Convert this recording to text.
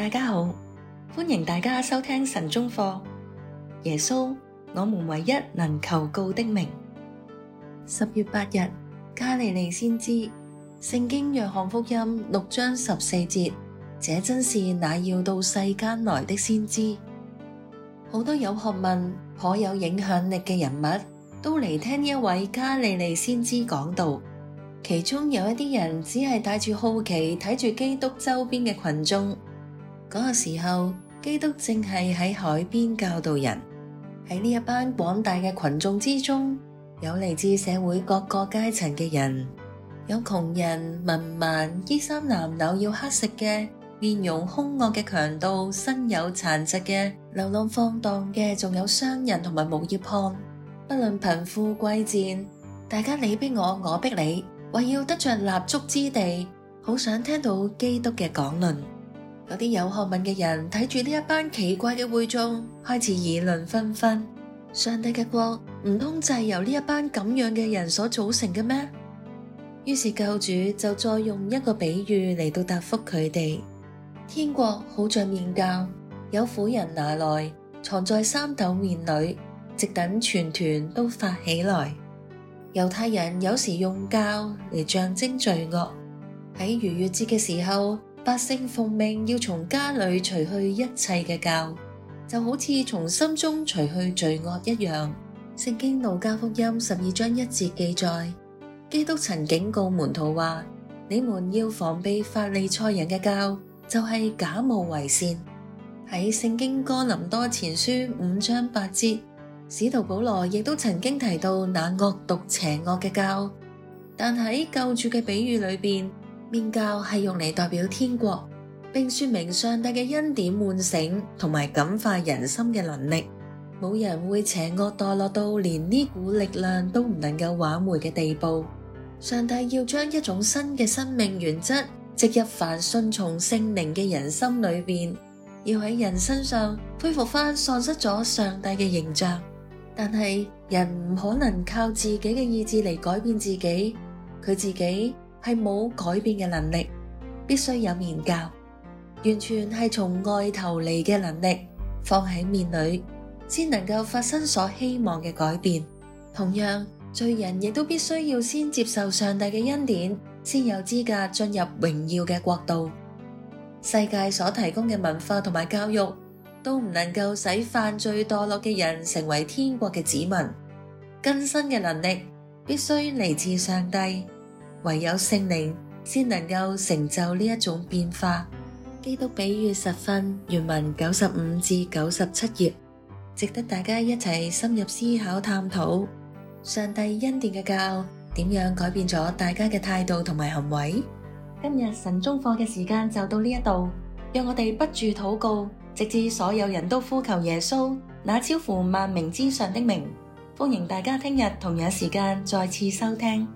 大家好，歡迎大家收聽晨鐘課。耶穌，我們唯一能求告的名。十月八日，加利利先知，聖經約翰福音六章十四節。這真是那要到世間來的先知。好多有學問、頗有影響力嘅人物都嚟聽一位加利利先知講道。其中有一啲人只係帶住好奇睇住基督周邊嘅群眾。嗰個時候，基督正係喺海邊教導人，喺呢一班廣大嘅群眾之中，有嚟自社會各個階層嘅人，有窮人、文盲、衣衫襤褸要乞食嘅，面容凶惡嘅強盜，身有殘疾嘅，流浪放蕩嘅，仲有商人同埋無業漢，不論貧富貴賤，大家你逼我，我逼你，為要得着立足之地，好想聽到基督嘅講論。有啲有學問嘅人睇住呢一班奇怪嘅會眾，開始議論紛紛。上帝嘅國唔通就係由呢一班咁樣嘅人所組成嘅咩？於是救主就再用一個比喻嚟到答復佢哋：天國好像麵酵，有婦人拿來藏在三斗麵裏，直等全團都發起來。猶太人有時用酵嚟象徵罪惡，喺逾越節嘅時候。百姓奉命要從家裏除去一切嘅酵，就好似從心中除去罪惡一樣。聖經路加福音十二章一節記載，基督曾警告門徒話：你們要防備法利賽人嘅酵，就係、是、假冒為善。喺聖經哥林多前書五章八節，使徒保羅亦都曾經提到那惡毒邪惡嘅酵。但喺救主嘅比喻裏邊。麵教係用嚟代表天國，並說明上帝嘅恩典喚醒同埋感化人心嘅能力。冇人會邪惡墮落，落到連呢股力量都唔能夠挽回嘅地步。上帝要將一種新嘅生命原則植入凡順從聖靈嘅人心裏邊，要喺人身上恢復翻喪失咗上帝嘅形象。但係人唔可能靠自己嘅意志嚟改變自己，佢自己。係冇改變嘅能力，必須有麵酵，完全係從外頭嚟嘅能力放喺麵裏，先能夠發生所希望嘅改變。同樣，罪人亦都必須要先接受上帝嘅恩典，先有資格進入榮耀嘅國度。世界所提供嘅文化同埋教育，都唔能夠使犯罪墮落嘅人成為天國嘅子民。更新嘅能力必須嚟自上帝。唯有聖靈先能夠成就呢一種變化。基督比喻實訓原文九十五至九十七頁，值得大家一齊深入思考探討。上帝恩典嘅教點樣改變咗大家嘅態度同埋行為？今日神宗課嘅時間就到呢一度，讓我哋不住禱告，直至所有人都呼求耶穌那超乎萬名之上的名。歡迎大家聽日同樣時間再次收聽。